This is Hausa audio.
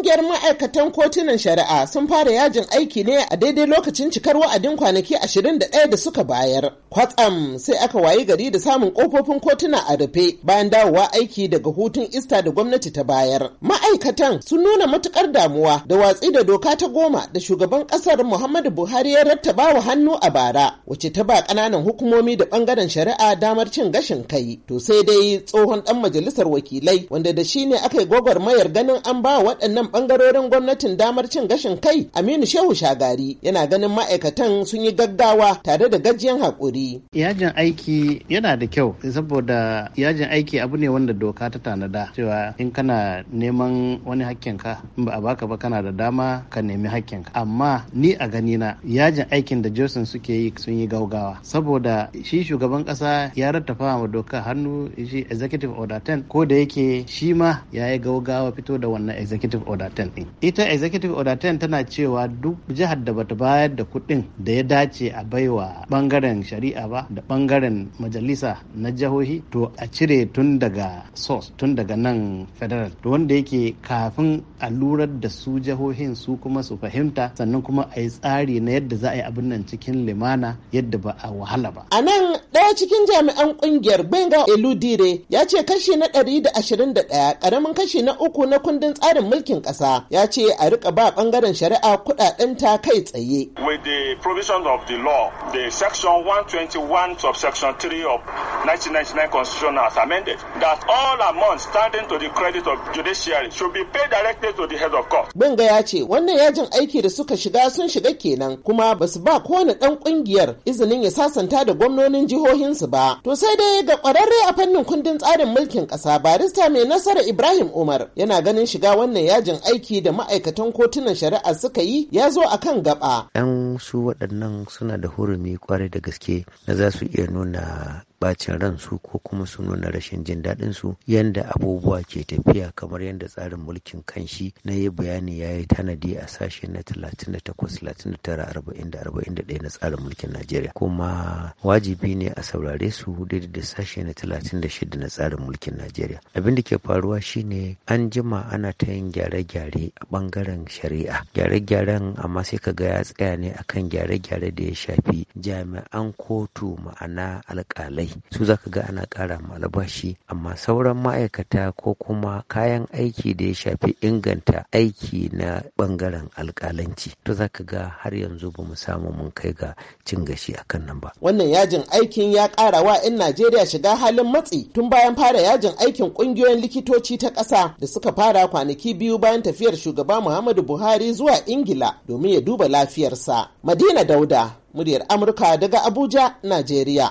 Ƙungiyar ma'aikatan kotunan shari'a sun fara yajin aiki ne a daidai lokacin cikar wa'adin kwanaki 21 da suka bayar. Kwatsam sai aka wayi gari da samun kofofin kotuna a rufe bayan dawowa aiki daga hutun ista da gwamnati ta bayar. Ma'aikatan sun nuna matukar damuwa da watsi da doka ta goma da shugaban ƙasar Muhammadu Buhari ya rattaba wa hannu a bara, wacce ta ba ƙananan hukumomi da ɓangaren shari'a damar cin gashin kai. To sai dai tsohon ɗan majalisar wakilai wanda da shi ne aka yi gwagwarmayar ganin an ba waɗannan bangarorin gwamnatin damar cin gashin kai aminu shehu shagari yana ganin ma'aikatan sun yi gaggawa tare da gajiyan haƙuri yajin aiki yana da kyau saboda yajin aiki abu ne wanda doka ta tanada cewa in kana neman wani hakkin in ba a baka ba kana da dama ka nemi hakkin ka amma ni a gani na yajin aikin da johnson suke yi sun yi gaugawa saboda shi shugaban kasa ya rattafa wa doka hannu shi executive order 10 ko da yake shi ma ya yi gaugawa fito da wannan executive order order 10 din ita executive order 10 tana cewa duk jihar da bata bayar da kuɗin da ya dace a baiwa bangaren shari'a ba da bangaren majalisa na jihohi to a cire tun daga source tun daga nan federal to wanda yake kafin a lurar da su jihohin su kuma su fahimta sannan kuma a yi tsari na yadda za a yi abin nan cikin limana yadda ba a wahala ba a nan ɗaya cikin jami'an kungiyar benga eludire ya ce kashi na ɗari da ƙaramin kashi na uku na kundin tsarin mulkin ƙasa ya ce a rika ba ɓangaren shari'a kuɗaɗen ta kai tsaye. With the provision of the law, the section 121 section 3 of 1999 constitution has amended that all amounts standing to the credit of judiciary should be paid directly to the head of court. Benga ya ce wannan yajin aiki da suka shiga sun shiga kenan kuma ba su ba kowane ɗan ƙungiyar izinin ya sasanta da gwamnonin jihohinsu ba. To sai dai ga ƙwararre a fannin kundin tsarin mulkin ƙasa barista mai nasara Ibrahim Umar yana ganin shiga wannan yajin aiki da ma'aikatan kotunan shari'a suka yi ya zo a kan gaba. 'Yan su waɗannan suna da hurumi kwarai da gaske na za su iya nuna bacin ransu ko kuma su nuna rashin jin daɗin su yanda abubuwa ke tafiya kamar yadda tsarin mulkin kanshi na yi bayani ya yi tanadi a sashe na 38 39 41 na tsarin mulkin Najeriya kuma wajibi ne a saurare su daidai da sashe na 36 na tsarin mulkin Najeriya abin da ke faruwa shine an jima ana ta yin gyare-gyare a bangaren shari'a gyare-gyaren amma sai ka ga ya tsaya ne akan gyare-gyare da ya shafi jami'an kotu ma'ana alƙalai Su su zaka ga ana ƙara ma albashi amma sauran ma'aikata ko kuma kayan aiki da ya shafi inganta aiki na ɓangaren alƙalanci to zaka ga har yanzu ba mu samu mun kai ga cin gashi a kan nan ba. Wannan yajin aikin ya ƙara wa in Najeriya shiga halin matsi tun bayan fara yajin aikin ƙungiyoyin likitoci ta ƙasa da suka fara kwanaki biyu bayan tafiyar shugaba Muhammadu Buhari zuwa Ingila domin ya duba lafiyarsa. Madina Dauda, muryar Amurka daga Abuja, Najeriya.